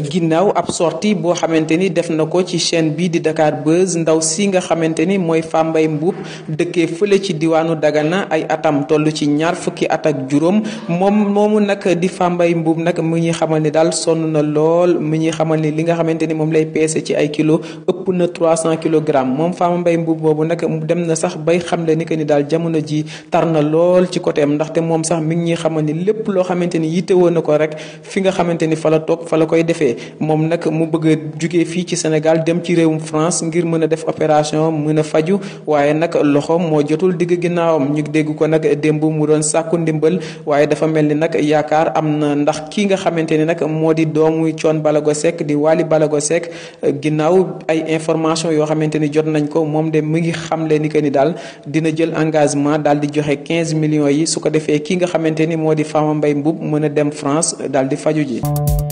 ginnaaw ab sorti boo xamante ni def na ko ci chaîne bii di Dakar Buzz ndaw si nga xamante ni mooy Fambaye Mboup dëkkee fële ci diwaanu Dagana ay atam toll ci ñaar fukki at ak juróom moom moomu nag di fambay Mboup nag mu ñuy xamal ni daal sonn na lool mu ñuy xamal ni li nga xamante ni moom lay peese ci ay kilo ëpp na 300 kilogrammes moom Fama Mbaye Mbuub boobu nag dem na sax bay xamle ni que ni daal jamono ji tar na lool ci côté am ndaxte moom sax mi ngi ñuy xamal ni lépp loo xamante ni yitte woon na ko rek fi nga xamante ni fa la toog fa koy defee moom nag mu bëgg a jugee fii ci Sénégal dem ci réewum France ngir mën a def opération mën a faju waaye nag loxo moo jotul digg ginnaawam ñu dégg ko nag démb mu doon sàkku ndimbal waaye dafa mel ni nag yaakaar am na ndax kii nga xamante ni nag moo di doomu Thione Balago Seck di Wally Balago Seck ginnaaw information yo xamanteni jot nañ ko mom de mi ngi xamle ni que ni dal dina jël engagement dal di joxe 15 millions yi su ko defee ki nga xamanteni modi moo Fama Mbaye Mboup meuna dem France dal di faju ji